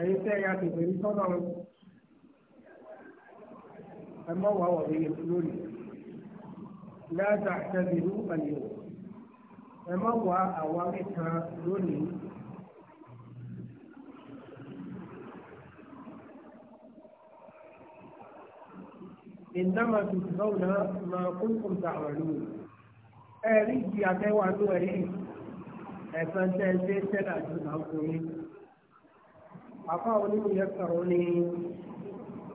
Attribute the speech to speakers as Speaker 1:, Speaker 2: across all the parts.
Speaker 1: ẹ̀yin tẹ́ ya tètè ní sọ́nà ẹ mọ́ wàá wọ̀ ní lórí láti àtẹ̀bìrú pẹ̀lú ẹ mọ́ wàá àwa mẹ́ta lónìí. إنما تجزون ما كنتم تعملون ẹ̀rí ìjìyà tẹ́wàá ló ẹ̀rí ẹ̀sán tẹ́ ṣe tẹ́lá ju àwọn ọkùnrin àfáà onímù yẹn sọ̀rọ̀ ni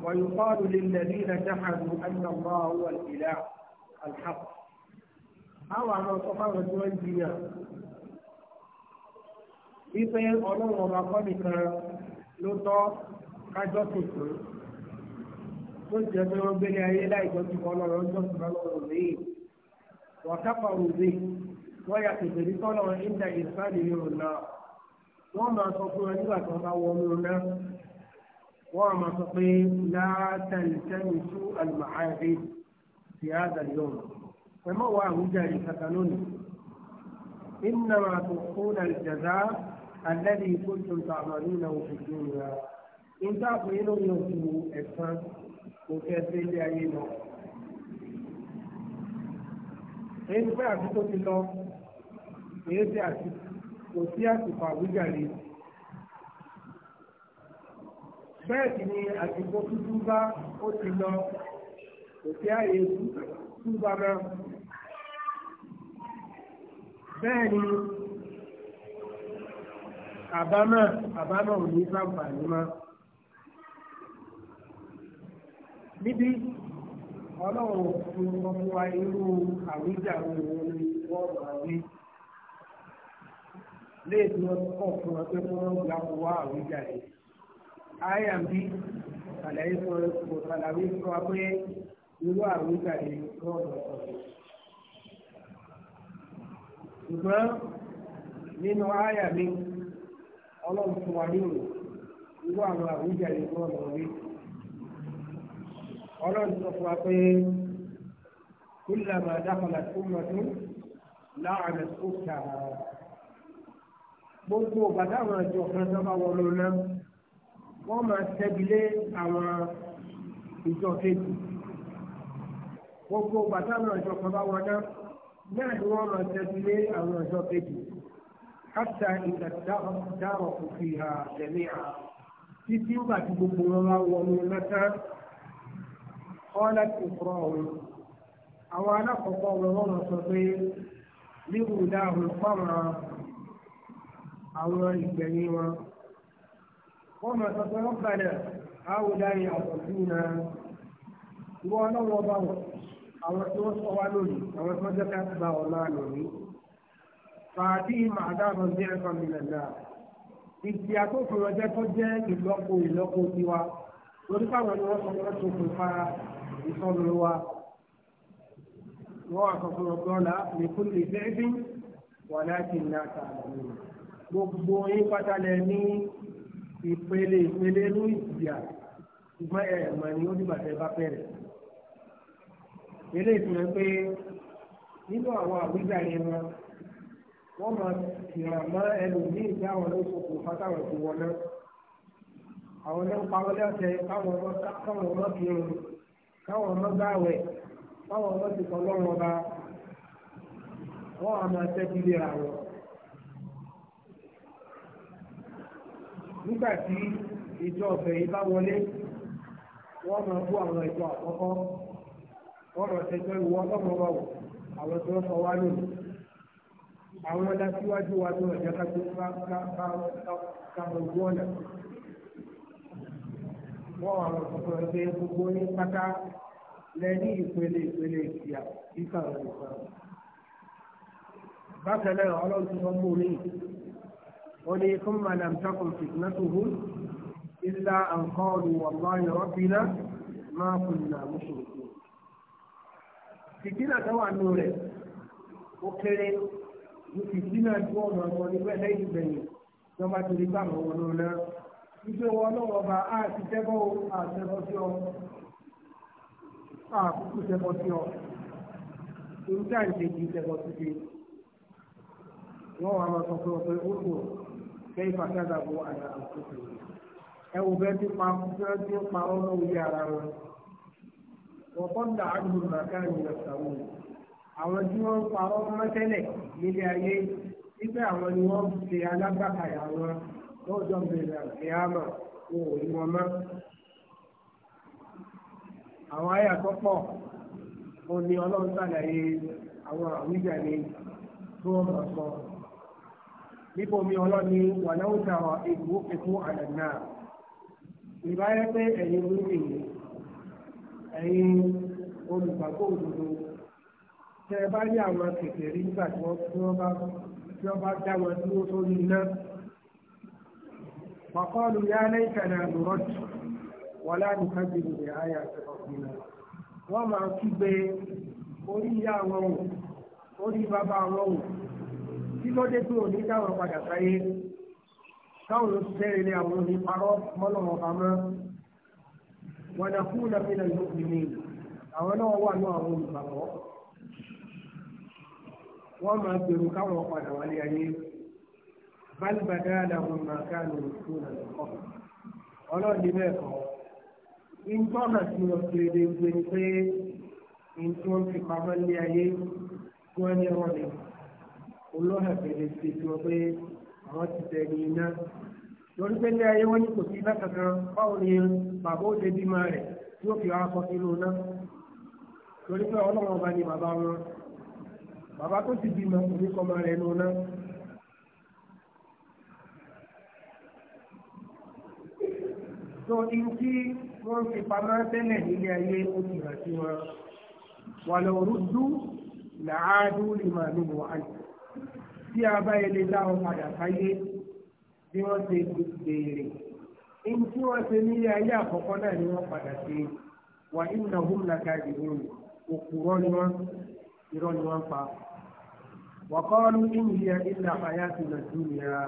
Speaker 1: ويقال للذين جحدوا أن الله هو الإله الحق àwọn àwọn ọ̀sọ́fáwọn tí wọ́n jìyà wípé ọlọ́run ọba kọ́nìkan ló tọ́ kájọ́ tuntun tó jẹ́ pé wọ́n gbélé ayé láìjọ́ tí wọ́n lọ́rọ̀ ọjọ́ tí wọ́n lọ́rọ̀ lẹ́yìn wọ́n kápá òwe wọ́n yà tètè rí tọ́lọ̀ ìdá ìsáàlì yòrò náà wọ́n máa sọ fún ẹ nígbà tí wọ́n bá wọ ọmọ náà wọ́n á máa sọ pé látàlítẹ́ni tú àlùmáàrí ti àdàlẹ́ ọ̀nà ẹ má wá àwùjáde kàkà lónìí إنما تخفون الجزاء الذي كنتم تعملونه في الدنيا إن تعملوا يوم إحسان وكذب لأيينه èyí pé àti tó ti lọ èyí tí àti kò sí àsìkò àwíjàre bẹ́ẹ̀ sì ni àsìkò tuntun bá ó ti lọ kò sí àyè túbà náà bẹ́ẹ̀ ni àbámọ̀ àbámọ̀ ò ní sáǹfààní mọ́ níbi ọlọ́run fún ọmọ wa irú àwíjàre òun ni wọ́n máa ní léèdì wọn kọ̀ fún wọn pé wọ́n gba wá àwíjàre imb àlàyé fún ọ àlàyé fún wa pé irú àwíjàre wọn lọ sọ ṣùgbọ́n nínú àyà mi ọlọ́run fún wa nínú irú àwọn àwíjàre wọn lọ rí ọlọ́run sọ fún wa pé kúlẹ̀ máa dákọ̀lá tó mọ̀ tó láàrin ó kà á gbogbo bàtà àwọn àjọ kan tó bá wọlé ọ̀nà wọ́n máa tẹ́bilé àwọn ìjọ kejì gbogbo bàtà àwọn àjọ kan bá wọlé náà ni wọ́n máa tẹ́bilé àwọn ìjọ kejì káta ìgbà dárọ̀ kò fi tẹ̀lé à títí ńgbà tí gbogbo wọn wá wọnú lọ́tà kọ́lá ti kúrọ̀ ọ̀hún àwọn alákọ̀ọ́kọ́ wọn wọ́n sọ pé líhùn dáhùn fáwọn àwọn ìgbẹ̀yìn wọn wọ́n máa sọ pé wọ́n padà àwòdáyé àtọ̀síwìnà ìwọ ọlọ́wọ́ bá wọ̀ àwọn tí wọ́n sọ wá lónìí àwọn tí wọ́n jẹ́ ká gba ọ̀la lónìí fàájì màdáàbọ̀ bí ẹ̀kọ́ mi nàdá ìdí àtòkùn ọjọ́ tó jẹ́ ìlọ́po ìlọ́po tiwa lórí fáwọn ni wọ́n sọ pé wọ́n ṣokùnfà ìsọ̀rọ̀ wa wọ́n àkọ́kọ́ ọgbọ́n la gbogbo yín pátálẹ̀ ní ìpele ìpele inú ìjìyà ṣùgbọ́n ẹ̀ mọ̀ ní onígbàtẹ́ bá bẹ̀rẹ̀. eléyìí fi pé nínú àwọn àwíjàre wọn wọ́n máa tìrà mọ́ ẹlòmíì tí àwọn ló sokò fátáwọn ti wọná àwọn náà pawọ́ lẹ́sẹ̀ káwọn ọmọ kírun káwọn ọmọ káwọn ọmọ ti kọ́ lọ́wọ́ wọ́n ra wọn. nígbà tí ìjọ ọ̀fẹ́ yìí bá wọlé wọ́n máa bú àwọn ìjọ àkọ́kọ́ wọ́n máa tẹ̀sọ́ ìwọ ọlọ́mọ wa wò àwọn tó ń sọ wá lónìí àwọn ọ̀dà síwájú wa tó ọ̀jẹ́ ká tó ká ká ọ̀nà wọ́n wà lọ sọ̀tọ̀ ẹgbẹ́ gbogbo ní pátá lẹ́ní ìpele ìpele ìkìyà kíkà ọ̀rọ̀ ìfọ̀rọ̀. bákan náà ọlọ́run ti sọ mú ولي ثم لم تكن فتنتهم إلا أن قالوا والله ربنا ما كنا مشركين fìtínà tó wà nù rẹ̀ ó kéré ní fìtínà tó ọmọ ọmọ nígbà lẹ́yìn ìgbẹ̀yìn tó bá torí bá àwọn ọmọ náà wípé wọn lọ́wọ́ ọba á ti tẹ́bọ̀ á tẹ́bọ̀ sí ọ á kúkú tẹ́bọ̀ sí ọ nígbà ìṣèjì tẹ́bọ̀ sí ti wọ́n wà máa sọ pé ó kù kẹ́yìfà kẹ́dà bó àyà àkókò ẹ wò bẹ́ẹ̀ tí pa bẹ́ẹ̀ tí pa ọmọ òye ara wọn wọ́n kọ́ da àdúgbò nàkà ìyẹn sàwọn àwọn tí wọ́n pa ọmọ mẹ́tẹ́lẹ̀ nílé ayé nígbà àwọn ni wọ́n ṣe alágbàkàyà wọn lọ́jọ́ bẹ̀rẹ̀ àkíyàmà wọn ò rí wọn mọ́ àwọn àyà tó pọ̀ òun ọlọ́run sàlàyé àwọn àwíjàre tó wọ́n máa sọ níbo mi ọlọ́ni wàlẹ́ ó tàrọ ìlú ìkú àlẹ́ náà ìbáyẹ pé ẹ̀yin ló lè yẹ ẹ̀yin olùgbàgbọ́ òdodo tẹ ẹ bá rí àwọn kékeré nígbà tí wọ́n bá tí wọ́n bá dá wọn dúró sórí iná wàkọ́ọ̀lù yá lẹ́yìnkànnà lùrọ́jù wọ́n láàánú kábìlì rẹ̀ ayé àti ọ̀gbìnà wọ́n máa kígbe orí ìyá àwọn òun orí bàbá àwọn òun ló dé tó ní káwọn padà sáyé káwọn ló ti tẹ́rẹ̀ ní àwọn oníparọ́ mọ́lọ́wọ́ pamọ́ wọn náà kú lọ́pẹ́ náà yóò fi ní àwọn náà wà ní àwọn olùgbàgbọ́ wọ́n máa gbèrú káwọn padà wálé ayé bálùbàdà làwọn máa ká lórí fún ọ̀nà ọlọ́ọ̀dì bẹ́ẹ̀ kọ́ ìtọ́nà tí wọ́n ti lè gbé ni pé ìtọ́ fi pamọ́ ní ayé tí wọ́n ní olóhà bèrè sí ti wọn pé àwọn ti tẹ̀lé iná lórí pé ní ayé wọn ní kò sí iná kankan báwo ni bàbá ó débi máa rẹ̀ tí ó fi wá kọ́ sínú iná lórí pé ọlọ́run ọba ni bàbá wọn bàbá tó ti bímọ kò ní kọ́ máa rẹ̀ nù iná. tó ní kí wọ́n fi pamọ́ tẹ́lẹ̀ nílé ayé ó ti rà sí wọn wà lọ́rùdú làádú lè máa nù wọ́n àyè tí a bá ilé dáhùn padà sáyé bí wọ́n ṣe béèrè ní tí wọ́n ṣe nílé ayé àkọ́kọ́ náà ni wọ́n padà ṣe wà nínú ọ̀hún làkà ìdìbò òkúrọ́ ni wọ́n irọ́ ni wọ́n pa. wàkọ́ọ́lù nínú ìyá ilà àyà ti lọ sí ìlera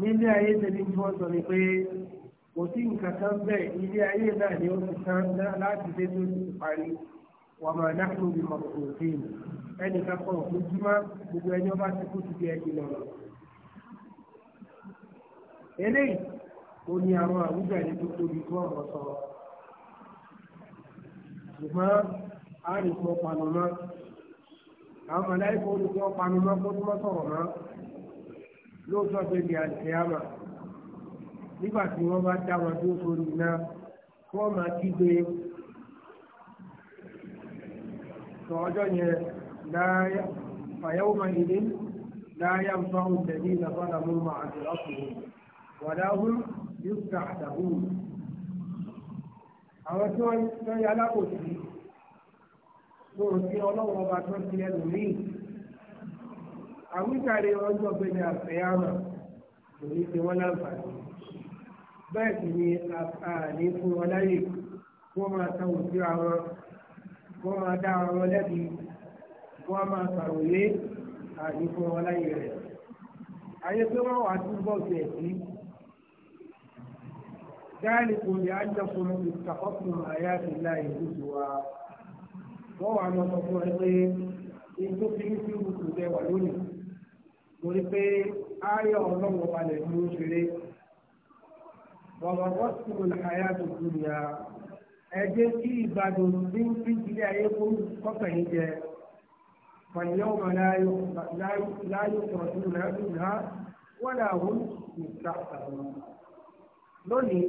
Speaker 1: nílé ayé tẹ̀lé tí wọ́n sọ ni pé kò sí nǹkan kan bẹ́ẹ̀ ilé ayé náà ni ó ti tán láti dé tó ti parí. وما نحن بمبعوثين ẹnì kan kan lójúmọ́ gbogbo ẹni ọba ti kú ti di ẹni lọ. eléyìí ó ní àwọn àwùjọ ẹni tó tóbi tó ọ̀rọ̀ sọ. ṣùgbọ́n a lè fọ panu mọ́ àwọn mọ̀láìkò olùkọ́ panu mọ́ kó tó mọ́ sọ̀rọ̀ mọ́ lóòótọ́ pé ní àlùfẹ́àmà nígbà tí wọ́n bá dá wọn tó sórí iná wọ́n máa kígbe sọ ọjọ́ yẹn láyà fàyẹ̀wò máa ń dé láyà ń fa oúnjẹ ní ìlàbọ̀dà mú máa àti ọkùnrin wàdáhùn yóò ta àdàbò àwọn tí wọ́n yẹ alákòsí lóòrùn sí ọlọ́wọ́ ọba tó ń ti ẹlòmíì àwíjàre ọjọ́ gbẹ̀dẹ̀ àfẹ́yàmà kò ní ṣe wọ́n láǹfààní bẹ́ẹ̀ sì ni àní fún wọn láyè kí wọ́n máa àwọn wọ́n máa dá ara wọn lẹ́bi wọ́n máa sàròyé àìfún wọn láyé rẹ̀. ayé pé wọ́n wà túbọ̀ sí ẹ̀sí. dáàlì kò lè ájọkùn ìtàkọ́kùn àyàfìlà ìlú wa. wọ́n wà lọ sọ fún ẹ pé ikú fi ń fi rúkú bẹ wà lónìí. torí pé ayọ̀ ọlọ́wọ́ balẹ̀ ló ń ṣeré. wọ́n wọ́n wọ́n sì mú àyàfìlú ya ẹ jẹ́ kí ìbàdàn bí ń fi ìdílé ayé kó kọ́kàn yín jẹ fàníyàwó máa láyò sọ̀rọ̀ sí ìlú náà wọ́n dà wọ́n nìta àwọn lónìí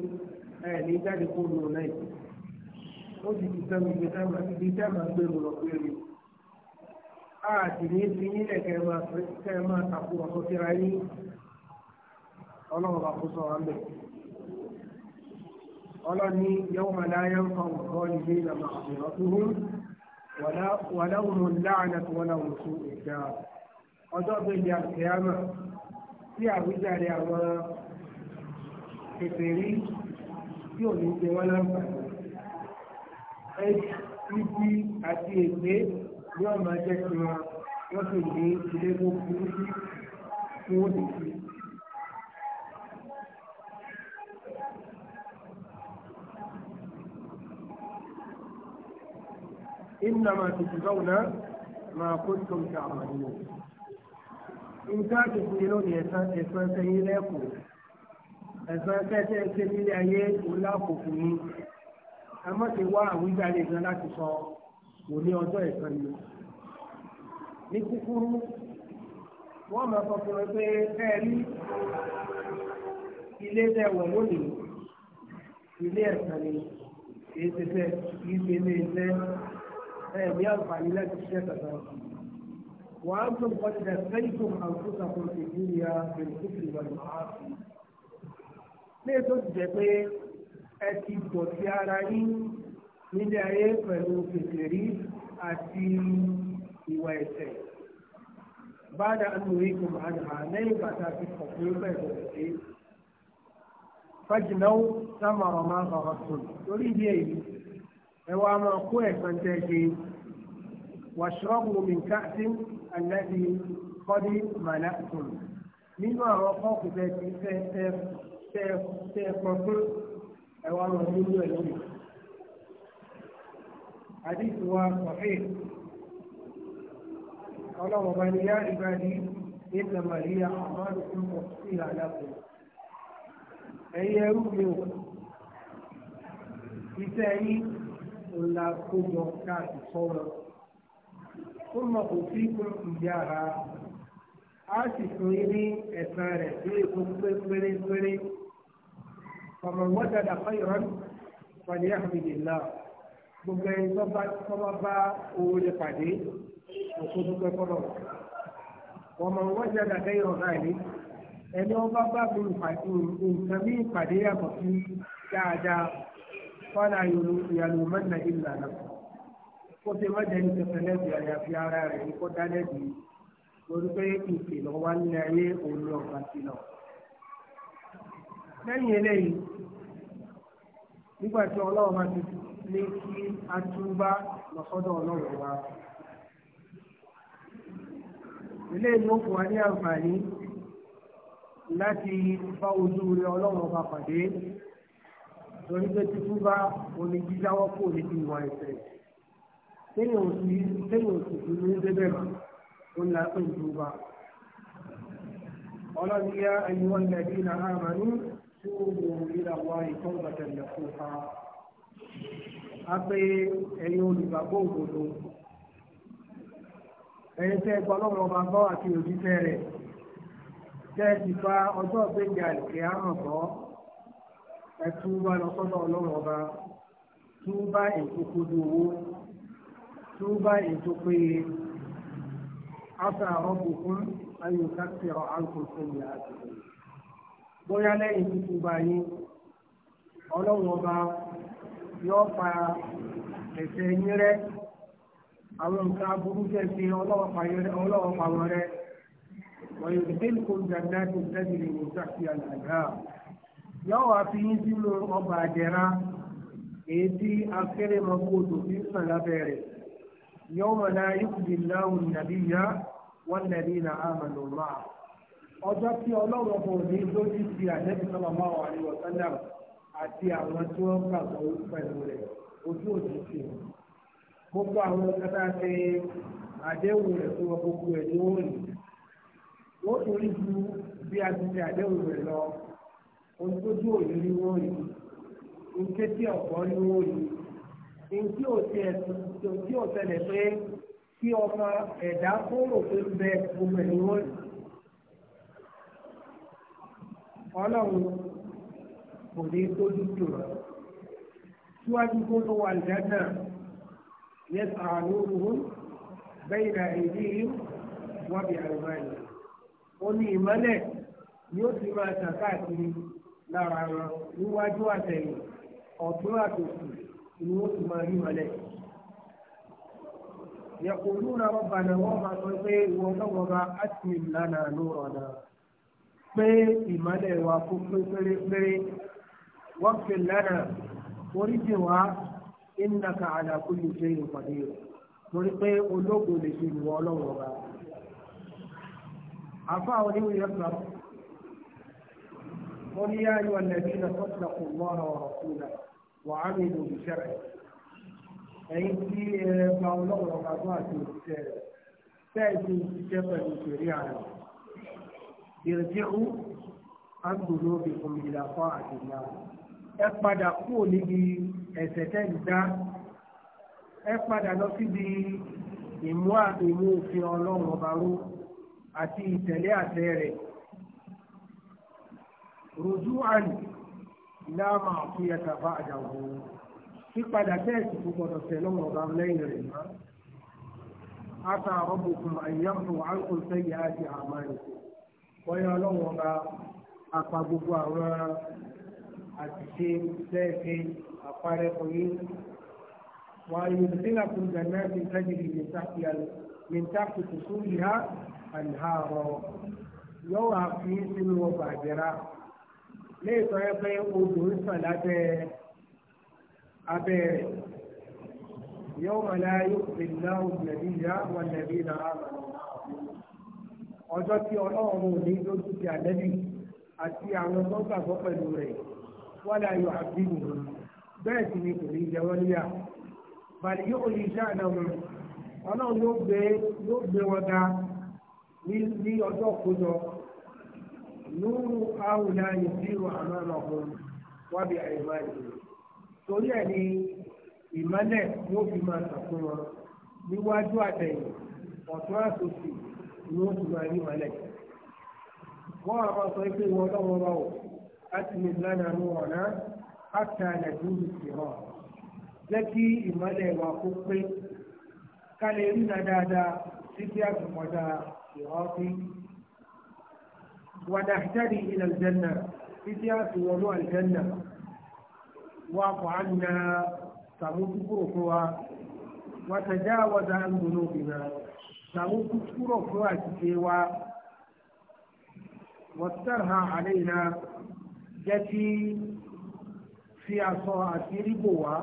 Speaker 1: ẹ̀ ní jáde kó lò náà ó ti ti sẹ́nu ibi tẹ́ máa gbé lọ péré a sì ní fi nílẹ̀ kẹ́ máa kẹ́ máa tàkùrọ̀ sọ́síra yín ọlọ́run bá kó sọ̀rọ̀ ń bẹ̀ ọlọ́ni yóò máa láyé ń kan kọ́ ilé ìlànà àbúrọ́túhùn wàláhùn láàánà tí wọ́n láwọn tún ìjà ọjọ́ gbèjì àkèámà tí àwíjàre àwọn kékeré tí ò ní ṣe wọ́n láǹfààní ibi àti ègbé ni máa jẹ́ sí wọ́n sì ní ilé tó burú sí tí wọ́n
Speaker 2: إنما تجزون ما
Speaker 1: كنتم تعملون nǹkan àtẹ̀sí lónìí ẹ̀sán ẹ̀sán sẹ́yìn lẹ́kọ̀ọ́ ẹ̀sán tẹ́tẹ́ ṣe nílé ayé olákòókò yín ẹ má ti wá àwíjàre gan láti sọ kò ní ọjọ́ ẹ̀sán yìí ní kúkúrú wọ́n máa sọ fún mi pé ẹ rí ilé tẹ̀wọ̀ lónìí ilé ẹ̀sán ni kì í ṣe fẹ́ kì í ṣe ilé iṣẹ́ ẹ̀ bí àǹfààní láti ṣiṣẹ́ kàtà. wàá tún kọjá sẹ́yìn àkóso àkóso ìdíyà pẹ̀lú kókò ìbàdàn ààfin. ní ètò ti jẹ́ pé ẹ ti dọ̀tí ara yín nílé ayé pẹ̀lú kékeré àti ìwà ẹ̀sẹ̀. بعد أن نريكم عنها ليس في التقريب فاجنوا ثمر ما غرستم تريد أيه ẹ wá máa kó ẹ̀sán tẹ́ ṣe wàṣọ́ọ̀bù mi káàtì alẹ́bí kọ́dí màláàtùn nínú àwọn kọ́ọ̀kù tẹ́ ti tẹ́ tẹ́ tẹ́ pọ̀ fún ẹ wá máa nínú ẹ̀ حديث صحيح قال ومن يا عبادي إنما هي أعمالكم أحصيها لكم ẹ̀yin ẹrú mi o ńlá tó yọ káàkiri sọ́wọ́. ó mọ òfin fún ìyá ara a sì fún yín ní ẹ̀sán rẹ̀ sí èkó pérépérépéré. ọmọ wọ́dà dàpọ̀ ìrọ́n pàdé àmìlélá gbogbo ẹni tó bá bá oore pàdé òkú dúpẹ́ kọ́nà. ọmọ wọ́dà dàpọ̀ ìrọ̀n náà ẹni ọba bá mi nǹkan mí pàdé yàtọ̀ dáadáa fọ́nà yàlùmọ́nà ìlà náà kó ṣe má jẹ́ nípa tẹ̀lẹ́bì àyàfi ara rẹ̀ ní kó dálẹ́bì lórí pé ìkìlọ̀ wá ní ayé òun lọ kà sí lọ. lẹ́yìn eléyìí nígbà tí ọlọ́run máa ti ní kí a túbá lọ́sọ́dọ̀ ọlọ́run wa. eléyìí ló fún wa ní àǹfààní láti bá ojú rẹ ọlọ́run ọba pàdé torí pé títún bá omi jíjáwọ́ kò ní bí wọn ẹsẹ̀ téèyàn ò sì téèyàn ò sì fi ní débẹ̀ mọ́ ó ń la pé ìlú bá ọlọ́run yá ẹ̀yìnwó ilẹ̀ bí iná àmà ní tí ó wù ìlà wa ìtọ́ ìbàdàlẹ̀ fún fa a pé ẹ̀yin olùgbàgbọ́ òdodo ẹ̀yin tẹ́ ẹgbọ́ ọlọ́run ọba gbọ́ àti òjíṣẹ́ rẹ̀ tẹ́ ẹ ti fa ọjọ́ ìgbéǹde àlùkè àmọ̀ gbọ́ ẹtú bá lọ sọ́dọ̀ ọlọ́run ọba tú bá ètò kojú owó tú bá ètò péye afẹ́ àrọ́bù fún ayọ̀ká tẹ̀rọ alùpùpù ní àti. bóyá lẹ́yìn tuntun bá yín ọlọ́run ọba yóò pa ẹ̀sẹ̀ yín rẹ́ àwọn nǹkan aburú kẹsì ọlọ́wọ́ pa wọn wọ́n yóò dé kó jàdá tó tẹ́lẹ̀ ní sáfì àlàyé. yóò afi fi yín sínú ọgbà àjẹrà èyí tí akéré máa kó odò fi ń sàn lábẹ́ rẹ̀ yóò mọ̀ láwùn nàbí yá wọ́n nàbí nà ámàlù máa. ọjọ́ tí ọlọ́run lójú ti máa wà ní àti àwọn tí wọ́n pẹ̀lú rẹ̀ ojú sí gbogbo àwọn ṣe àdéhùn rẹ̀ ohun tójú òye ni wọ́n rí nǹkan tí ọ̀pọ̀ ni wọ́n rí nǹkan tí ò ti ẹ̀sùn tí ò tẹ̀lé pé kí ọmọ ẹ̀dá kóró tó ń bẹ gbogbo ẹ̀ ni wọ́n rí. ọlọ́run kò ní tójú tó rà síwájú kó tó wà lẹ́nà yẹn sàánú òhun bẹ́ẹ̀ ni àìdí wọ́n bí àrùn báyìí. ó ní ìmọ́lẹ̀ ni ó ti máa tàn káàkiri lára wọn níwájú àtẹ̀yìn ọ̀tún àtòkù ni wọ́n ti máa rí mọ́lẹ̀. yẹ̀kùnú náà wọ́n bá náà wọ́n máa sọ pé ìwọ náà wọ́n bá atmin lánàá lóòrọ̀ náà pé ìmọ̀lẹ̀ wa kó pé pérépéré wọ́n fi lánàá oríṣi wa ìnàkà àlàkù lè ṣe ìpàdé torí pé ológo lè ṣe ìwọ ọlọ́wọ́ bá. àfa oníwèé yẹn sọ̀rọ̀ wọ́n ní yá ayọ̀ nàbí na sọ́tìlá kò mọ́ àwọn ọ̀kúnlá wà á lè lò ìṣẹ́rẹ̀ ẹ̀yìn tí ẹ gba ọlọ́run ọba tó àti òṣìṣẹ́ rẹ̀ bẹ́ẹ̀ ti òṣìṣẹ́ pẹ̀lú ìṣẹ̀rí àrùn ìrìnjẹ́kú àgbòdo ìfún ìlàkọ́ àti ẹ padà kúrò níbi ẹ̀sẹ̀ tẹ́ ẹ padà lọ síbi ìmú àti òfin ọlọ́run ọba àti ìtẹ̀lé àtẹ rẹ̀ rojúwàn láàmà fún yàtà bá àjàwò pípadà tẹ́ẹ̀sì tó gbọdọ̀ tẹ̀ lọ́wọ́ ọba lẹ́yìn rẹ̀ mọ́. ata rọ́bùkún àyẹ̀mú àǹkùn sẹ́yìn àti àmàlì wọ́n yọ lọ́wọ́ ọba apá gbogbo àwọn àtìṣe tẹ́ẹ̀sì àparẹ́ fún wà á yọ̀ sílẹ̀ fún gànà ti tẹ́jìlì nìta kùtù sórí ha àlìhàrọ̀ yọ̀wọ̀ àfi sínú ọgbà àjẹrà lẹ́yìn tó yẹ pé odò ń sàn lábẹ́ abẹ́ rẹ̀ yóò mọ̀ láyé yóò fi náà òbẹ̀bí ìyá wọn lẹ̀bí náà ọjọ́ tí ọlọ́run ò ní lójú ti àlẹ́bí àti àwọn tó gbàgbọ́ pẹ̀lú rẹ̀ wọ́n lè ayọ̀ àbílù bẹ́ẹ̀ sì ni kò ní jẹ wọ́n níyà bàlẹ̀ yóò ní iṣẹ́ àná wọn ọlọ́run yóò gbé wọn ga ní ọjọ́ kójọ نور هؤلاء يسير أمامهم وبأيمانهم torí ẹ̀ ni ìmọ́lẹ̀ yóò fi máa sàkún wọn níwájú àtẹ̀yìn ọ̀tún àtòsí ni ó ti máa rí ìmọ́lẹ̀. wọ́n á máa sọ pé wọ́n lọ́wọ́ bá wò láti lè lánàá ní ọ̀nà àtà nàìjíríà sí hàn. jẹ́ kí ìmọ́lẹ̀ wa kó pé ká lè rí na dáadáa títí àtúnkọ́dá ìhọ́fíì. ونهتدي إلى الجنة إذا ولو الجنة واعف عنا تمكفرها وتجاوز عن ذنوبنا تمكفرها تسيوا واسترها علينا جتي في عصا بوا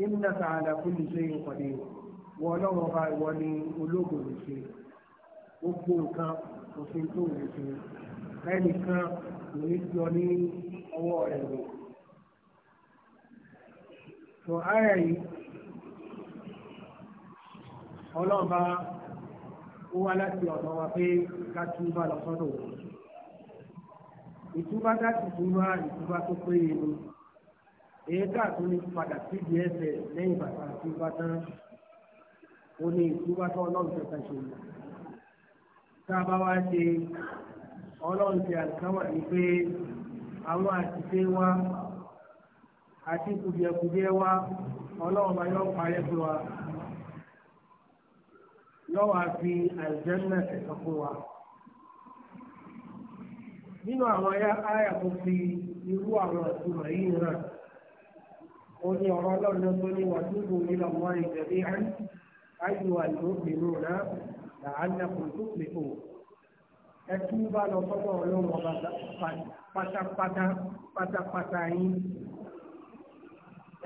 Speaker 1: إنك على كل شيء قدير ولو رأي ولي ألوك الشيء gbogbo kò sí tó wù sí ẹnìkan kò ní jọ ní ọwọ́ rẹ̀ lò. tó ayà yìí ọlọ́ọ̀bá ó wá láti ọ̀dọ̀ wa pé ká túbà lọ sọ́dọ̀ òun. ìtúbà dáàtì túbà ìtúbà tó péye ni èyí káàtó ní padà síbi ẹsẹ̀ lẹ́yìn bàtà túbà tán ó ní ìtúbà tó ọlọ́run tẹ̀sán ṣe tá a bá wá ṣe ọlọ́run ti àlùkámà ní pé àwọn àtìṣe wa àti kùdìẹ̀kùdìẹ̀ wa ọlọ́run bá yọ parẹ́ fún wa lọ́wọ́ àfi àìjẹ́nà ẹ̀sọ́ fún wa. nínú àwọn àyà tó fi irú àwọn ìtumọ̀ yìí hàn ó ní ọ̀rọ̀ ọlọ́run tó ní wàtúbù nílò wọ́n ìjẹ̀bí àyù àìlóbìnrin náà làálàkùn tó pè ó ẹ túbà lọ sọ́dọ̀ ọlọ́run ọba pátápátá pátápátá yín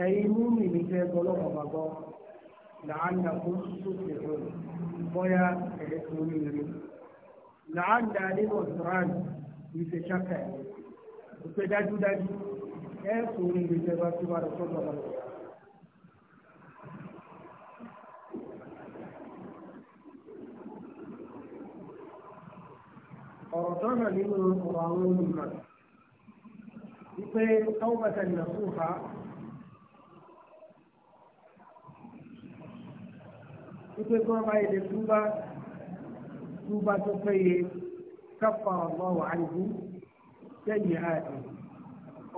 Speaker 1: ẹ̀yin múmi ní fẹ́ gbọ́ lọ́wọ́ ọba gbọ́ làálàkùn tó pè ó bọ́yá ẹ̀ tó rí rí làálà nínú ìsirán ìṣe ṣáka ẹ̀ pé dájúdájú ẹ̀ tó rí rí fẹ́ bá túbà lọ sọ́dọ̀ ọlọ́run ọba. ọ̀rọ̀ tó hàn nínú ọ̀rọ̀ àwọn olùmọ̀ wípé tọ́wọ́bàtà nàfúhà wípé kí wọ́n bá yẹ túbá túbá tó péye káfà ọ̀gbọ́n wà á nìkú sẹ́yìn àti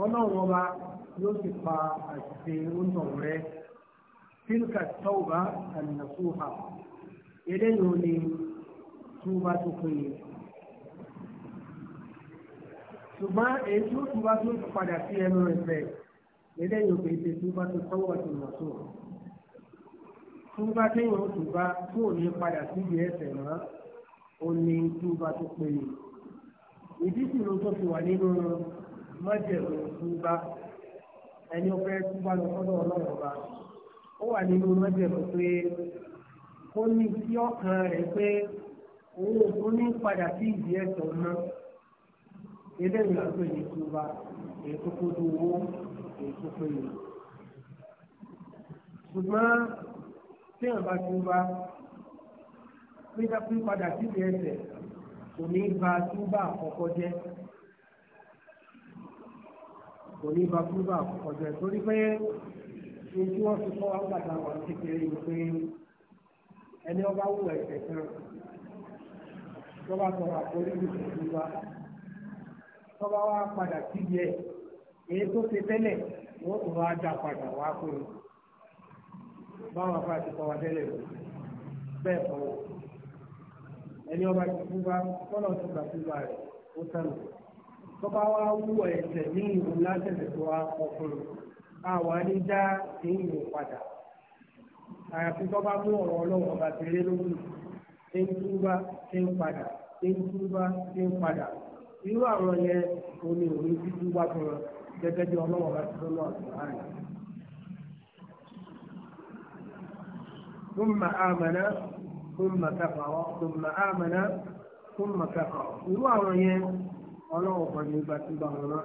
Speaker 1: ọlọ́run ọba yóò ti pa àṣìṣe oúnjẹ rẹ̀ tílkà tọ́wọ́bà nàfúhà eléyìí ò ní túbá tó péye ṣùgbọ́n èyí tí ó tún bá tún padà sí ẹnu rẹ̀ fẹ̀ lélẹ́yìn òkè ìṣe tí ó bá tún sọ́wọ́ ti mọ̀ tó tí ó bá téèyàn ó tún bá tí ò ní padà síbi ẹsẹ̀ mọ́ ó ní tí ó bá tún péye ìdí sì ló tó fi wà nínú mọ́jẹ̀rù tó bá ẹni ọ̀fẹ́ tó bá lọ sọ́dọ̀ ọlọ́run ọba ó wà nínú mọ́jẹ̀rù pé ó ní tí ọkàn rẹ̀ pé òun ò ní padà sí ẹsẹ̀ náà ilé ìlànà ní túbà ètò kojú owó ètò péye. ṣùgbọ́n tí àbá túbà pín padà síbi ẹsẹ̀ kò ní ba túbà àkọ́kọ́ jẹ́ kò ní ba túbà àkọ́kọ́ jẹ́ torí pé ohun tí fi kọ́ wa gbàdá wà kékeré ni pé ẹni ọba wù ẹ̀sẹ̀ kan lọ́ba sọ̀rọ̀ àforíjì kò túbà tọ́ba wa padà síbi ẹ̀ èyí tó ṣe tẹ́lẹ̀ wọ́n tún wá dá padà wá pé o báwọn afá ti kọ́ wa tẹ́lẹ̀ o bẹ́ẹ̀ kọ́ o ẹni ọba ti kú bá kọ́nà tó gbà kú bá rẹ̀ ó sànù tọ́ba wa wú ẹ̀sẹ̀ ní ìlú látẹ̀lẹ̀ tó wá kọ́ fún un àwa ní dá èyí padà àyàfi tọ́ba mú ọ̀rọ̀ ọlọ́wọ́ ọba tẹ̀lé lórí ẹ̀ ń túbá ẹ̀ ń padà ẹ̀ ń túbá ẹ̀ ń padà. irú àwọn yẹn kò ní òní títí wá fún wọn gẹ́gẹ́ bí ọlọ́wọ́ bá ti lọ́nà àtúnwáyé. ثم آمن ثم كفر ثم آمن ثم كفر irú àwọn yẹn ọlọ́wọ́ kan ní ìgbà tí bá wọn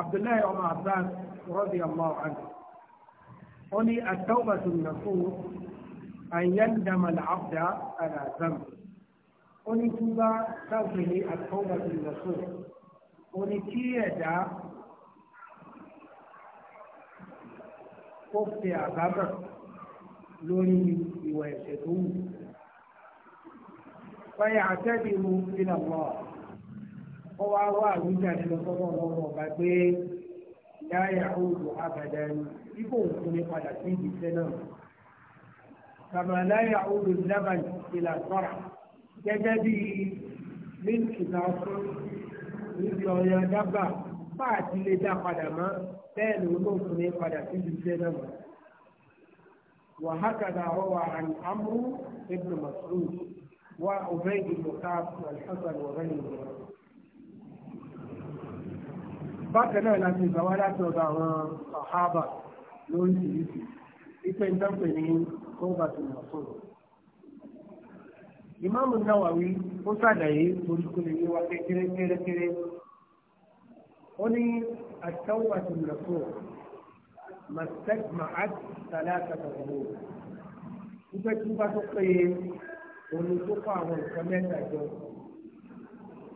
Speaker 1: abdullahi Omar abbas rọ́bì allah anhu ó ní nàfún àyẹ̀ndàmà làbdà àdàzàm onítúbà káfíìnì àtọ́wà ìlọ́sọ onítí ẹ̀dá ó fi àbábà lórí ìwà ẹ̀ṣẹ̀ tó wù. Báyà àtẹ́bí mu sílẹ̀ wọ̀ ọ wá wá àwùjáde lọ́sọ́dọ̀ lọ́wọ́ ọba gbé láyà òòlù abàdàn ipò òfin padà sí ìgbésẹ̀ náà kàmá láyà òdu laban ìlà sọ́ra gẹ́gẹ́ bí mílíkì náà fún níbi ọ̀yọ́ dábà bá a ti lè dá padà mọ́ bẹ́ẹ̀ ni olóòfin padà síbi iṣẹ́ náà وهكذا روى عن عمرو بن مسعود وعبيد بن كعب والحسن وغيرهم bákan náà la ti gbà wá láti ọ̀dọ̀ àwọn tọ́ba tó lọ sọ̀rọ̀. ìmáàmù Nawawi ó ṣàlàyé torípele yé wa kékeré kérékéré ó ní àtàwọn tó lọ sọ̀rọ̀ màá tàlẹ́ àtàkùn òwò ìgbẹ́ tí wọ́n bá tó péye òun tó kọ́ àwọn nǹkan mẹ́ta jọ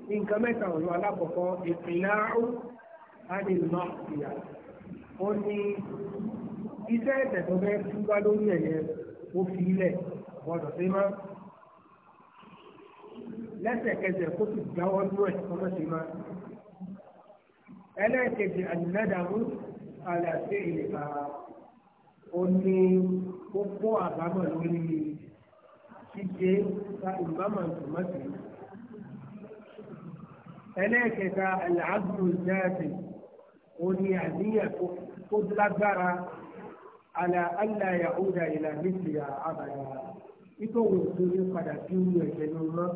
Speaker 1: nǹkan mẹ́ta ọ̀rọ̀ alákọ̀ọ́kọ́ ìpìlárù ánìmọ̀ ìyá ó ní iṣẹ́ ẹ̀tẹ̀ tó fún wa lórí ẹ̀yẹ ó fi ilẹ̀ gbọ́dọ̀ sí mọ́ lẹ́sẹ̀kẹsẹ̀ kó sì jáwọ́ dúró ẹ̀ kọ́ mọ́ sí mọ́ ẹlẹ́ẹ̀kejì àdìmẹ́dàmú àlàáfíà ìlẹ̀kà ó ní ó kó àbámọ̀ lórí ṣíṣe ta ìbámọ̀ tòmátì ẹlẹ́ẹ̀kẹta àlàáfíà ìlẹ̀kà ó àníyàn tó lágbára. على àlà yàhúdà ìlà mẹ́sìlá àbàdà ipò wò tó ní padà sí irú ẹ̀jẹ̀ ló mọ́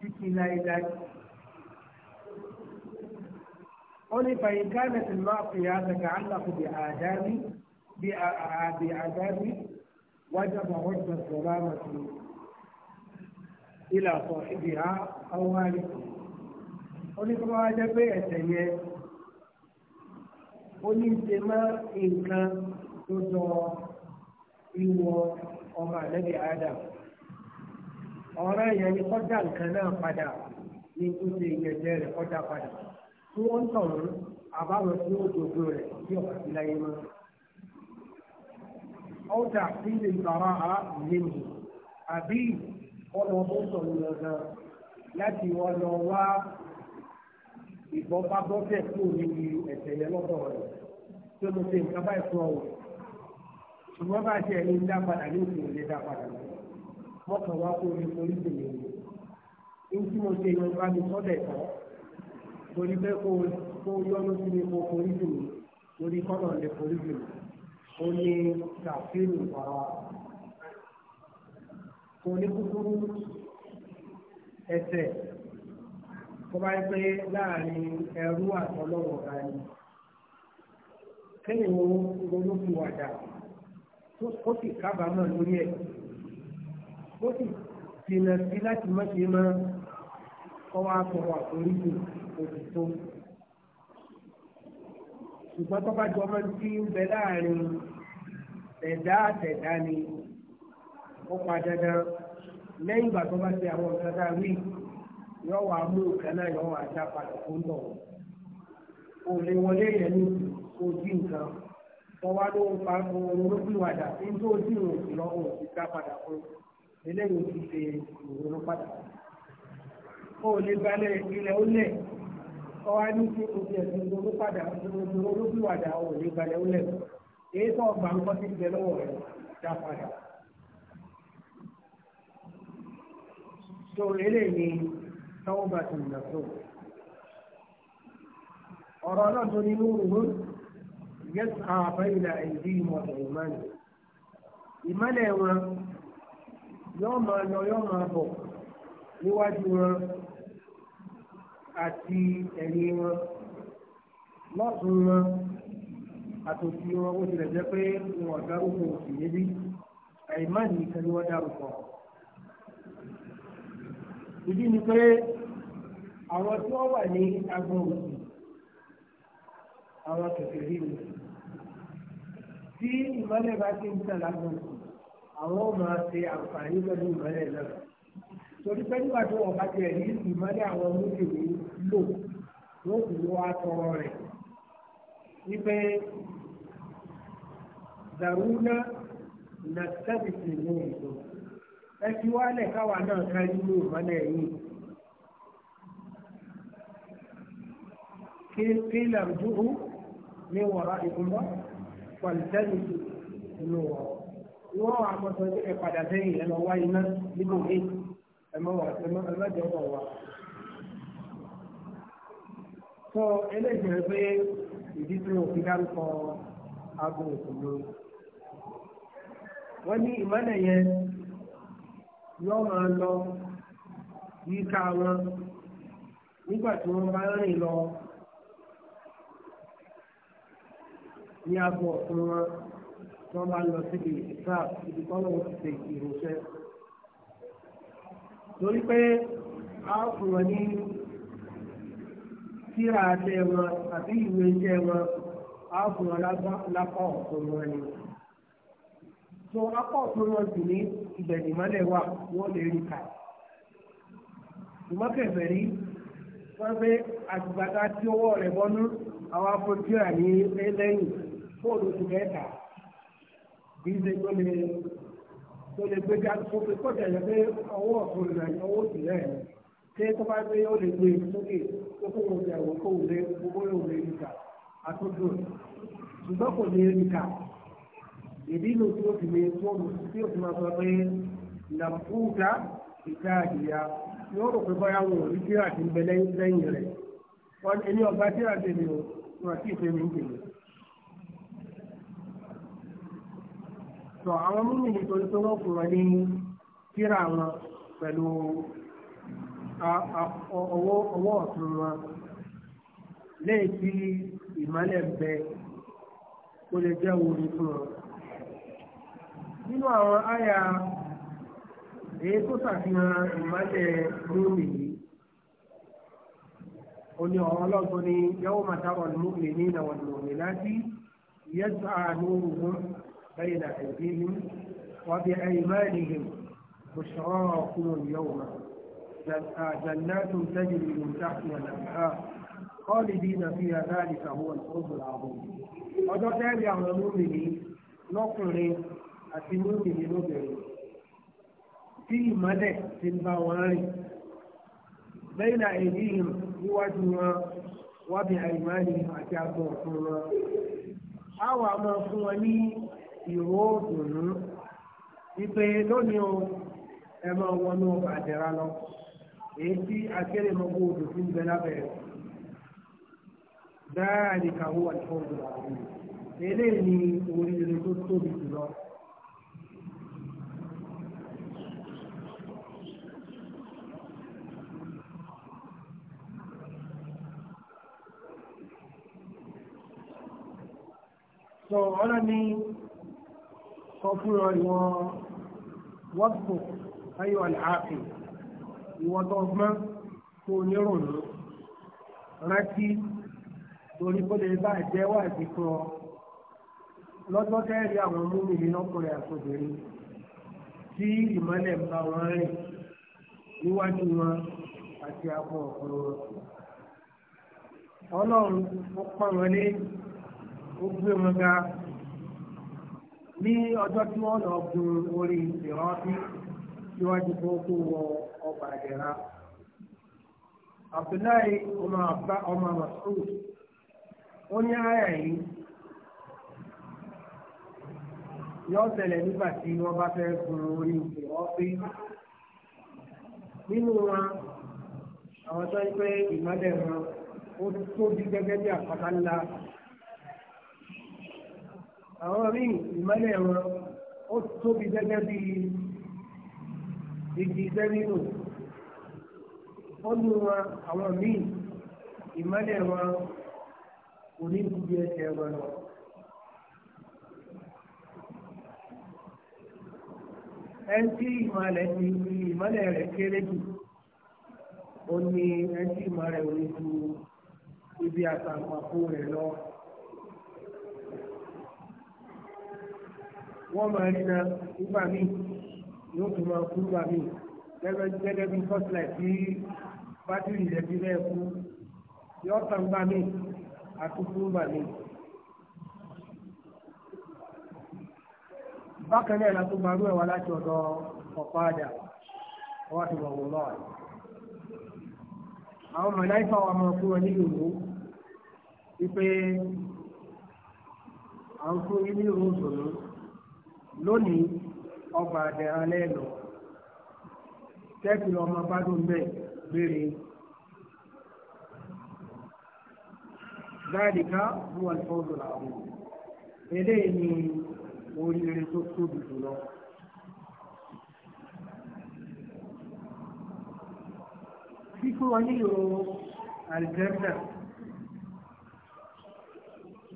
Speaker 1: títí láéláé. wọ́n ní fàyínká lẹ́sìn máa fi àtàkà àlàkù bí àdáni bí àdáni wájàbà ọ̀dọ̀ sọ̀rọ̀ àmàtì ìlà sọ̀ ibi ha àwọn àlejò. wọ́n ní fọwọ́ ajẹ́ pé ẹ̀sẹ̀ yẹn ó ní ṣe máa nǹkan. tó jọ ìwọ ọmọ àlẹ́bí adam ọ̀rọ̀ yẹn ni kọjá nǹkan náà padà ní tó ṣe ìyẹ̀jẹ̀ kọjá padà tí wọ́n ń àbáwọn tí ó dogo rẹ̀ tí sí láyé lè bàrà á àbí ọ̀nà lọ́gán láti wá ìbọn bá bọ́ kúrò ẹ̀sẹ̀ yẹn lọ́dọ̀ rẹ̀ tí ó lọ ṣùgbọ́n bá ṣe ẹni dá padà ní òfin òde dá padà mọ́kàn wá kó orí orí tèmi ni ní tí mo ṣe yan bá mi sọ́dẹ̀ tán torí pé kó kó yọ́nú sí mi kó forí tèmi lórí kọ́nà lè forí tèmi ó ní kàfíìnì wàá kò ní kúkúrú ẹsẹ̀ kó bá yẹ pé láàrin ẹrú àtọ́lọ́wọ̀ ga ni kéèyàn ronú fi wàdà ó sì kábàámọ̀ lórí ẹ̀ ó sì dènà sí láti má ṣe máa kọ́ wá sọ̀rọ̀ àforíjì òtítọ́ ṣùgbọ́n tó bá jọ máa ń tí ń bẹ láàrin tẹ̀dá tẹ̀dá ni ó pa dandan lẹ́yìn ìgbà tó bá ṣe àwọn nǹkan tá a yóò wá mú nǹkan náà yóò wá dá padà fún tọ̀ ò wọlé yẹn ní ojú nǹkan wọn wá ló ń pa olóògbìwàdà ní tó dì òun sí lọ́wọ́ òun ti dá padà fún eléyìí ti ṣe òun padà. ó lè balẹ̀ ilẹ̀ ó lẹ̀ kọ́ wá ní kí o tiẹ̀ fi olóògbìwàdà padà olóògbìwàdà ó lè balẹ̀ ó lẹ̀ èyí tó ọgbà ń kọ́ sí ìgbẹ́ lọ́wọ́ rẹ̀ dá padà. tó eléyìí ni bá ti nà tó. ọ̀rọ̀ náà tó ní lóòrùn lónìí yẹ́sà bẹ́yìnà ẹ̀dí ìmọ̀lẹ̀ ìmọ̀lẹ̀ ìmọ̀lẹ̀ wọn yọ́ máa lọ yọ́ máa bọ̀ níwájú wọn àti ẹ̀yìn wọn lọ́sùn wọn àtòsí wọn ó tilẹ̀ jẹ́ pé wọn ọ̀dárúkọ òsì níbí àìmọ́ nìkan ni wọ́n dárúkọ. ìdí ni pé àwọn tí wọ́n wà ní agbọ̀n àwọn kẹ̀kẹ́ rí ni tí ìmọ̀lẹ̀ bá ti ń tàn lágbọ̀n àwọn ò máa ṣe àǹfààní pẹ̀lú ìmọ̀lẹ̀ náà torí pé nígbà tó wọn bá ti rí ìmọ̀lẹ̀ àwọn mùsùlùmí lò wọ́n sì lọ́ àtọ̀rọ̀ rẹ̀ wípé dàrúnà nà sábìsì ní ìlú ẹ fi wálẹ̀ káwa náà kárí ní ìmọ̀lẹ̀ yìí. kí kí làǹdùkú ní wọ̀rọ̀ ìkúmbọ́. pọ̀lìtẹ́nì inú wọn wọ́n wà mọ́tò ẹ padà sẹ́yìn ẹ lọ wá iná nínú mọ́ wà wa. sọ eléyìí pé ìdí tí mo fi dárúkọ aago òkùnrin wọ́n ní ìmọ̀lẹ̀ yẹn máa lọ yíká wọn nígbà tí wọ́n lọ ní agbo ọ̀tún wọn tí wọ́n bá lọ síbi ìsáà ibi tí wọ́n ti ṣe ìròṣẹ́. torí pé a fún wọn ní tíra àtẹ wọn àbí ìwé iṣẹ́ wọn a fún wọn lápá ọ̀tún wọn ni. so apá ọ̀tún wọn sì ní ibẹ̀ nìmọ́lẹ̀ wà wọ́n lè rí kà. ìmọ̀ kẹfẹ́ rí wọ́n pé àtìgbàdá tí owó rẹ̀ bọ́nú àwọn afọ́jú àní lẹ́yìn fóònù oṣù mẹ́ta kì í ṣe tó lè tó lè gbé já sókè kọjá yẹn pé ọwọ́ ọ̀tún rẹ̀ náà ọwọ́ òsì rẹ̀ ṣé tó bá gbé ó lè gbé e sókè tó kó wọn jẹ àwọn kóhùn lé gbogbo yóò lè nìkà àtúntò ṣùgbọ́n kò lè nìkà ìdí inú tí ó fi lè fóònù tí ó fi máa sọ pé nàfúùdà ìta àdìyà yóò rò pé báyà wọn ò rí kíra àti ń bẹ lẹ́yìn rẹ̀ wọn ẹni ọba kíra tèmi ò wọn àti ìfẹ́ mi ń tèmi. sọ àwọn mímú nítorí tó wọ́n fún wọn ní kíra wọn pẹ̀lú ọwọ́ ọ̀tún wọn lẹ́yìn tí ìmọ̀lẹ̀ bẹ kó lè jẹ́ orí fún wọn. nínú àwọn àyà èyí tó ṣàfihàn ìmọ̀lẹ̀ lónìí oni ọ̀rọ̀ ọlọ́gbọ́n ni yawma tara al-mu'minina wal-mu'minati yas'a nuruhum بين أيديهم وبأيمانهم بشراكم اليوم جنات تجري من تحتها الأنهار خالدين فيها ذلك هو الفوز العظيم ọjọ́ tẹ́lẹ̀ àwọn múmìnì lọ́kùnrin àti múmìnì lóbìnrin tí ìmọ́lẹ̀ ti ń bá wọn rìn bẹ́ẹ̀nà èyí níwájú wọn wábìá ìmáàlì àti agbọ̀n fún wọn. àwọn àmọ́ fún wọn ní ìró dùnú ìpè lónìí o ẹ máa wọnú àdẹ̀rà lọ èyí tí akéré máa gbó odò fún bẹ lábẹ́ dáa ní kàwé wà ní fọ́ọ̀dù àwọn eléyìí ni oríire tó tóbi jùlọ. so ọlọ́ni sọ fún أيها ìwọ̀n wọ́pù ayọ̀ àlàáfì ìwọ̀n tó gbọ́n tó nírònú rántí torí kó lè bá jẹ́ wáàdí fún ọ lọ́jọ́ tẹ́ẹ̀rí àwọn múmi lọ́kùnrin àtòbìnrin tí ìmọ̀lẹ̀ ń bá wọn rìn níwájú wọn àti apò ọ̀pọ̀ wọn. ọlọ́run ó pọ́n wọn lé ó gbé wọn ga ní ọjọ́ tí wọ́n lọ gun orí ìrántí síwájú tó kó wọ ọgbà ìdẹ̀ra. Abdullahi ọmọ àbá ọmọ Mas'ud ó ní àyà yìí yọ ṣẹlẹ̀ nígbà tí wọ́n bá fẹ́ gun orí ìrántí. Nínú wa, àwọn tó ń pẹ́ ìmọ̀lẹ̀ wọn ó tóbi gẹ́gẹ́ bí àpáta ńlá àwọn míì ìmọ́lẹ̀ wọn ó tóbi gẹ́gẹ́ bí igi dẹ́rínù ó nu wọn àwọn míì ìmọ́lẹ̀ wọn kò ní ibi ẹsẹ̀ wọn lọ. ẹni tí ìmọ́lẹ̀ rẹ̀ kéré jù ó ní ẹni tí ìmọ̀ rẹ̀ ò ní ju ibi àtàǹpàkò rẹ̀ lọ. wọ́n máa rí na nígbà míì yóò tún máa kú nígbà míì gẹ́gẹ́ bí fọ́sílẹ̀ tí bátìrì rẹ̀ fi bẹ́ẹ̀ kú yóò tàn gbà míì àtúntò nígbà míì. bákan náà la tó máa rú ẹ̀ wá láti ọ̀dọ̀ ọ̀pá àjà wọ́n ti wọ̀ wọ́n lọ́wọ́ àwọn mọ̀láìfà wa máa fún wọn ní ìrò wípé àwọn fún yín ní ìrò òṣòro lónìí ọgbà àdẹ̀rà lẹ́ẹ̀lọ tẹ́kì lọ́mọ bá dùn bẹ́ẹ̀ béèrè. dáàdìká wọ́n fọ́ọ̀dù làwọn eléyìí ni oríire tó tóbi jùlọ. fífún wa ní ìrò àlìjẹ́ńdà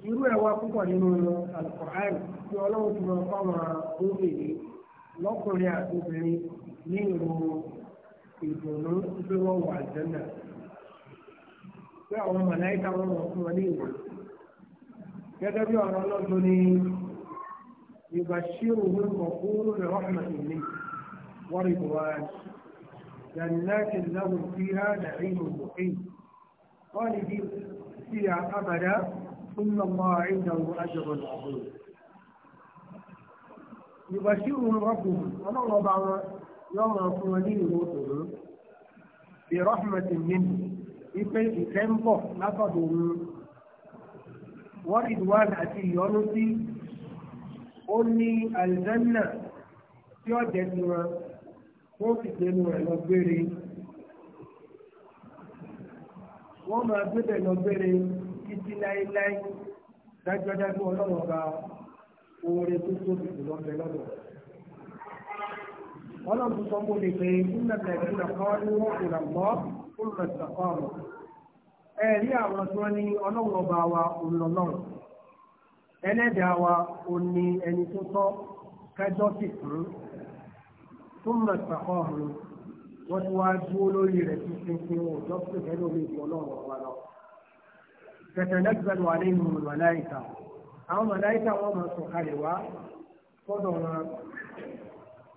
Speaker 1: irú ẹ̀ wá púpọ̀ nínú alukur'an tí ọlọ́run ti máa fáwọn obìnrin lọ́kùnrin àti obìnrin ní ìlú ìdùnnú pé wọ́n wà jẹ́nà pé àwọn mọ̀láìka wọn wọ̀ fún wọn ní ìwé gẹ́gẹ́ bí ọ̀rọ̀ ọlọ́dún ní ìbàṣírò wọn kọ̀ fún rẹ̀họ́mà ìní wọ́n rí buhari jannati lahum fiha na'im muqim khalidin fiha abada إن الله عنده أجر عظيم يبشرهم ربهم ولو ربع يوم القيامة روحهم برحمة منه إكي إكيمبو لقدهم ورضوان أتي يونسي أني الجنة يوجدنا وفتنوا على البري وما بدأ البري títí láéláé dájúdájú ọlọ́run ọba oore tó tóbi jù lọ bẹ lọ́dọ̀. ọlọ́run sọ mọ́ ni pé nígbà tẹ̀sí lọ́kọ́ ní wọ́n kò là mọ́ olùrẹ̀sìtàkọ́ ọ̀rọ̀. ẹ rí àwọn tí wọ́n ní ọlọ́run ọba wa òǹlọ́lọ́run ẹlẹ́dàá wa ò ní ẹni tó tọ́ kájọ́ sì fún tó mọ̀ ṣàkọ́ ọ̀run wọ́n ti wá dúró lórí rẹ̀ tó ṣe ń pín pé fẹ́ lórí ìfọ́ ọlọ́run ọba lọ tẹ̀tẹ̀lẹ́gbẹ̀lú àléhùn màláìka àwọn màláìka wọn máa sọ kalẹ̀ wá fọ́dọ̀ wọn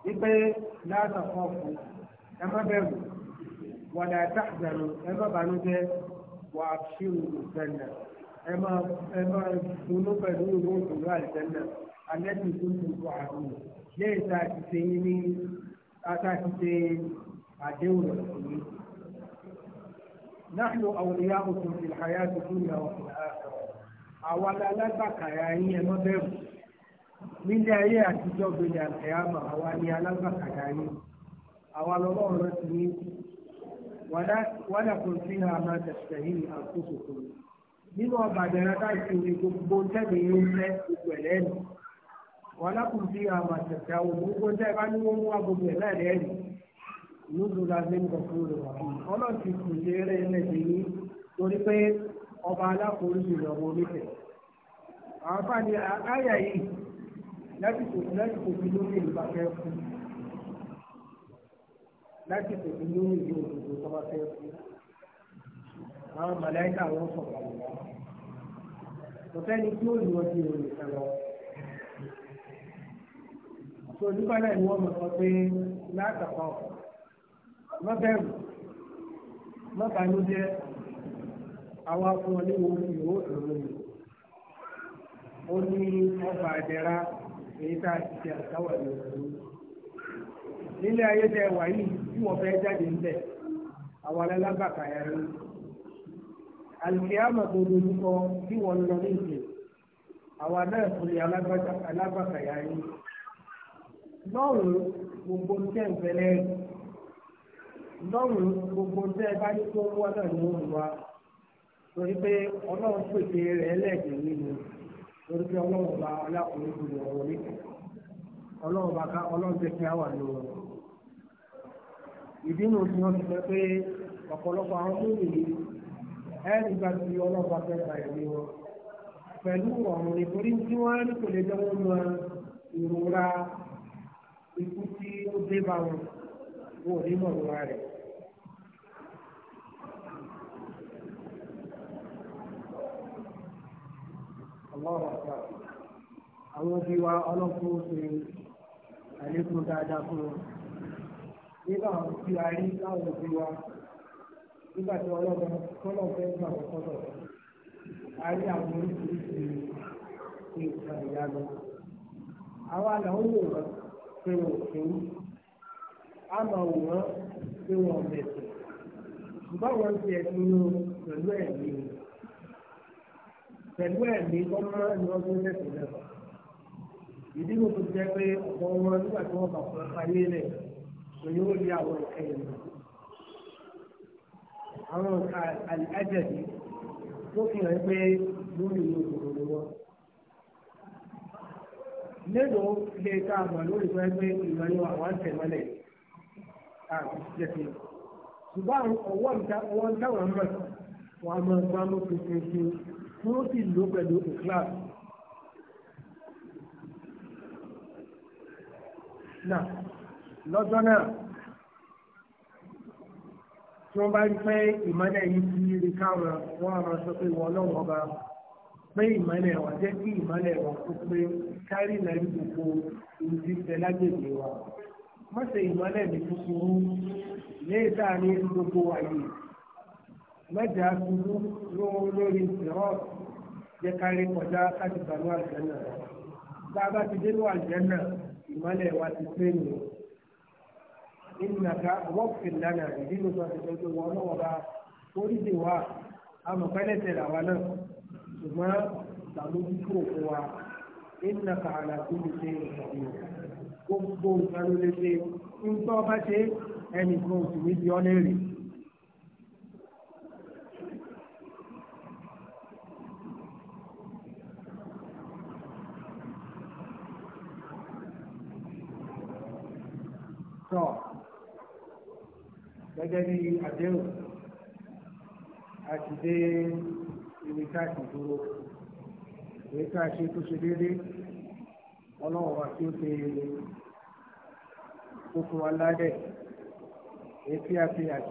Speaker 1: wípé látàkọ́ fún ẹ má bẹ̀rù wàlẹ̀ àtàkùnrin ẹ má bànújẹ́ wà á ṣírù ìfẹ́lẹ̀ ẹ máa dunú pẹ̀lú ìwé òkúrú àìsẹ́lẹ̀ alẹ́ tí kò نحن أولياؤكم في الحياة الدنيا وفي الآخرة أولا لا بكايا ما بيرو من هي أتجو بني القيامة أولا لا بكايا أولا الله رسمي ولا ولكم فيها ما تشتهي أنفسكم nínú ọba àdàràdà ìṣòro gbogbo tẹ́lẹ̀ yóò fẹ́ gbogbo ẹ̀ lẹ́nu wọn lákùnfin àwọn àtẹ̀tẹ̀ àwọn gbogbo tẹ́lẹ̀ bá ní nùdùlà lẹ́nu ọ̀fúnrún ọlọ́run ti kù léèrè ẹlẹ́dẹ̀ yìí torí pé ọba alákòóso ìrọ̀wọ́ onífẹ̀ẹ́. àwọn fáàní àyà yìí lásìkò lásìkò tí ló ní ìgbà fẹ́ fún lásìkò tí ló ní ìgbà òdòdó tó bá fẹ́ fún àwọn màláìka wọn sọ̀rọ̀ àwọn kò sẹ́ni tí ó lù ọ́ sí òun nìkan lọ so nígbà náà ni wọ́n mọ̀ sọ pé látàkọ́ má bẹ̀rù má bànújẹ́ àwa fún ọ ní wọn ìwò ìrònú ni ó ní ọba àjẹrà èyí tá a ti ṣe àtàwọn ìrònú nílé ayé tẹ wà yìí tí wọn fẹẹ jáde ńbẹ àwọn alálábàkà ẹrú alùpùpù tó dojúkọ tí wọn lọ ní ìpè àwọn náà fún ní alábàkà ẹrú lọ́rùn gbogbo tẹ̀ ń lẹ́yìn lọ́rùn gbogbo tẹ́ ẹ bá ní kó wá náà ní òun wa torí pé ọlọ́run pèsè rẹ̀ ẹlẹ́gbẹ̀ẹ́ nínú torí pé ọlọ́run bá ọlákùnrin gbòòrò ọ̀rọ̀ nípa ọlọ́run bá ká ọlọ́run jẹ́ kí á wà lóru. ìdí nu tí wọ́n ti sọ pé ọ̀pọ̀lọpọ̀ àwọn tó lè ẹ̀rí gba ti ọlọ́run bá fẹ́ gba ẹ̀mí wọn pẹ̀lú ọ̀run nítorí tí wọ́n rí kò lè jẹ́ wọ́n ìrora ikú tí ó dé bá wọn
Speaker 2: wọn ò ní mọ̀ lóra rẹ̀. ọlọ́run ọ̀pá
Speaker 1: àwọn òbí wa ọlọ́kùn ṣe àlékún dáadáa fún wọn nígbà láwọn òbí wa nígbà tí fẹ́ gbà wọ́n a rí àwọn oríṣiríṣi nǹkan ìyanu àwa làwọn yóò pé a máa wò wọ́n pé ṣùgbọ́n ti ẹ̀sìn pẹ̀lú pẹ̀lú ẹ̀mí lọ́mọ ni wọ́n tún lẹ́sìn náà. ìdí mo tó jẹ́ pé ọ̀pọ̀ wọn nígbà tí wọ́n bá fún ayé rẹ̀ kò yóò rí àwọn nǹkan yẹn lọ. àwọn nǹkan àjẹbí tó fi hàn pé lórí ìlú òdòdó ni wọ́n. mélòó lè ká àmọ̀ lórí pé pé ìmọ̀ ni àwọn àǹtẹ̀ mọ́lẹ̀ àti jẹ́sí. ṣùgbọ́n ọwọ́ ìdáwọ̀ mọ̀ wọ́n á máa tuntun n'o ó sì lò pẹ̀lú ìkíláàsì. náà lọ́jọ́ náà tí wọ́n bá rí pé ìmọ̀lẹ̀ yìí ti rí káwọn wọ́n á máa sọ pé wọ́n lọ́wọ́ bá pé ìmọ̀lẹ̀ jẹ́ kí kó pé kárí gbogbo ìdí tẹ lágbègbè wa ṣe mi kúkúrú léè a ní gbogbo mẹ́jà kúrú jẹ́ kárí kọjá láti gbà ní àlùjẹ́nà bá a bá ti dé ní àlùjẹ́nà ìmọ̀lẹ̀ wa ti pé nù nínú nàka wọ́n fi lánà ìdílé tó ti tọ́jú wọn náà wọ́n bá orí dè wá amọ̀pẹ́lẹ̀ tẹ̀lé àwa náà ṣùgbọ́n ìtàlójúkú òkú wa nínú nàka àlàkú mi ṣe ìṣòro gbogbo nǹkan ló lè ṣe ń tọ́ bá ṣe ẹnì kan òsì níbi ọ́ lérè. tọ gẹ́gẹ́ bí àdéhùn a ti dé ibi tá a ti dúró èyí tá a ṣe tó ṣe déédéé ọlọ́wọ́ wa tí ó ṣe kókó aládẹ̀ èyí tí a fi àti.